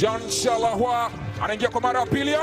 Jean Shalahwa anaingia kwa mara ya pili.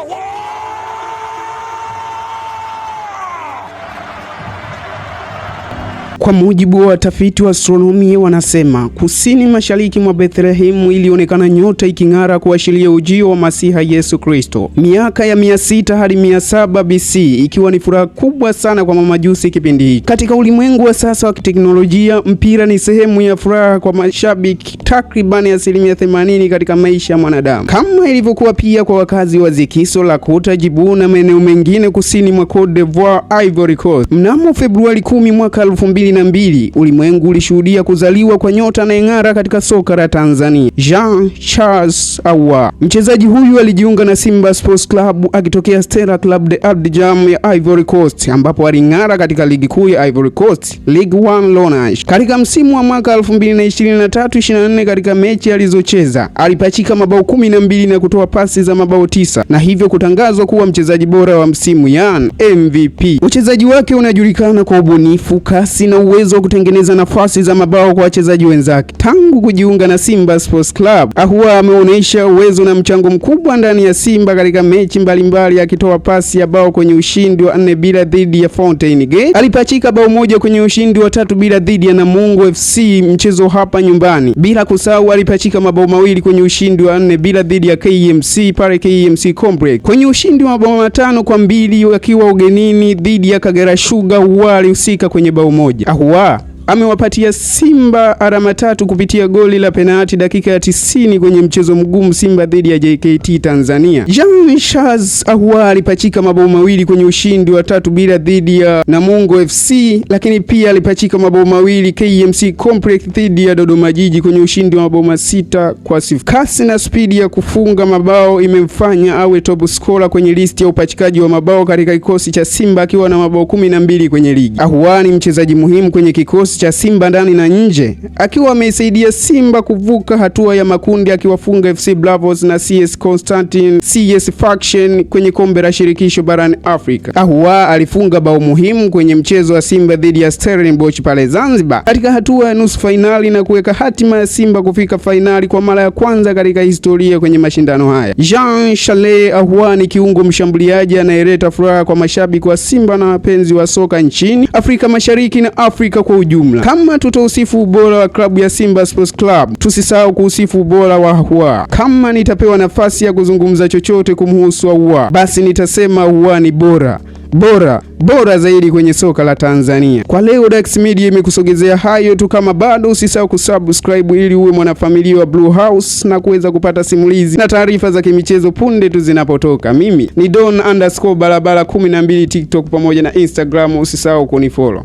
Kwa mujibu wa tafiti wa astronomia, wanasema kusini mashariki mwa Bethlehemu ilionekana nyota iking'ara kuashiria ujio wa Masiha Yesu Kristo miaka ya 600 hadi 700 BC, ikiwa ni furaha kubwa sana kwa mamajusi kipindi hiki. Katika ulimwengu wa sasa wa kiteknolojia, mpira ni sehemu ya furaha kwa mashabiki takribani asilimia 80 katika maisha ya mwanadamu, kama ilivyokuwa pia kwa wakazi wa Zikiso, la kota Jibu na maeneo mengine kusini mwa Cote d'Ivoire, Ivory Coast. Mnamo Februari 10 mwaka mbili ulimwengu ulishuhudia kuzaliwa kwa nyota anayeng'ara katika soka la Tanzania, Jean Charles Ahoua. Mchezaji huyu alijiunga na Simba Sports Club akitokea Stella Club de Abidjan ya Ivory Coast, ambapo aling'ara katika ligi kuu ya Ivory Coast League One Lonage. Katika msimu wa mwaka 2023-24 katika mechi alizocheza alipachika mabao kumi na mbili na kutoa pasi za mabao tisa na hivyo kutangazwa kuwa mchezaji bora wa msimu, yani MVP. Uchezaji wake unajulikana kwa ubunifu, kasi na ana uwezo wa kutengeneza nafasi za mabao kwa wachezaji wenzake. Tangu kujiunga na Simba Sports Club, Ahoua ameonyesha uwezo na mchango mkubwa ndani ya Simba katika mechi mbalimbali, akitoa pasi ya bao kwenye ushindi wa nne bila dhidi ya Fountain Gate. Alipachika bao moja kwenye ushindi wa tatu bila dhidi ya Namungo FC mchezo hapa nyumbani, bila kusahau alipachika mabao mawili kwenye ushindi wa nne bila dhidi ya KMC e pale KMC e Complex, kwenye ushindi wa mabao matano kwa mbili akiwa ugenini dhidi ya Kagera Sugar. Huwa alihusika kwenye bao moja. ahwa amewapatia Simba alama tatu kupitia goli la penati dakika ya 90 kwenye mchezo mgumu Simba dhidi ya JKT Tanzania. Jean Charles Ahoua alipachika mabao mawili kwenye ushindi wa tatu bila dhidi ya Namungo FC, lakini pia alipachika mabao mawili KMC Complex dhidi ya Dodoma Jiji kwenye ushindi wa mabao masita kwa sifuri. Kasi na spidi ya kufunga mabao imemfanya awe top scorer kwenye listi ya upachikaji wa mabao katika kikosi cha Simba akiwa na mabao kumi na mbili kwenye ligi. Ahoua ni mchezaji muhimu kwenye kikosi kikosi cha Simba ndani na nje, akiwa ameisaidia Simba kuvuka hatua ya makundi akiwafunga FC Bravos na CS Constantine CS Faction kwenye kombe la shirikisho barani Afrika. Ahoua alifunga bao muhimu kwenye mchezo wa Simba dhidi ya Stellenbosch pale Zanzibar katika hatua ya nusu fainali na kuweka hatima ya Simba kufika fainali kwa mara ya kwanza katika historia kwenye mashindano haya. Jean chale Ahoua ni kiungo mshambuliaji anayeleta furaha kwa mashabiki wa Simba na wapenzi wa soka nchini Afrika Mashariki na Afrika kwa ujumla ujumla. Kama tutausifu ubora wa klabu ya Simba Sports Club, tusisahau kuusifu ubora wa Ahoua. Kama nitapewa nafasi ya kuzungumza chochote kumhusu Ahoua, basi nitasema Ahoua ni bora bora bora zaidi kwenye soka la Tanzania. Kwa leo Dax Media imekusogezea hayo tu. Kama bado, usisahau kusubscribe ili uwe mwanafamilia wa Blue House na kuweza kupata simulizi na taarifa za kimichezo punde tu zinapotoka. Mimi ni Don underscore barabara 12 TikTok pamoja na Instagram, usisahau kunifollow.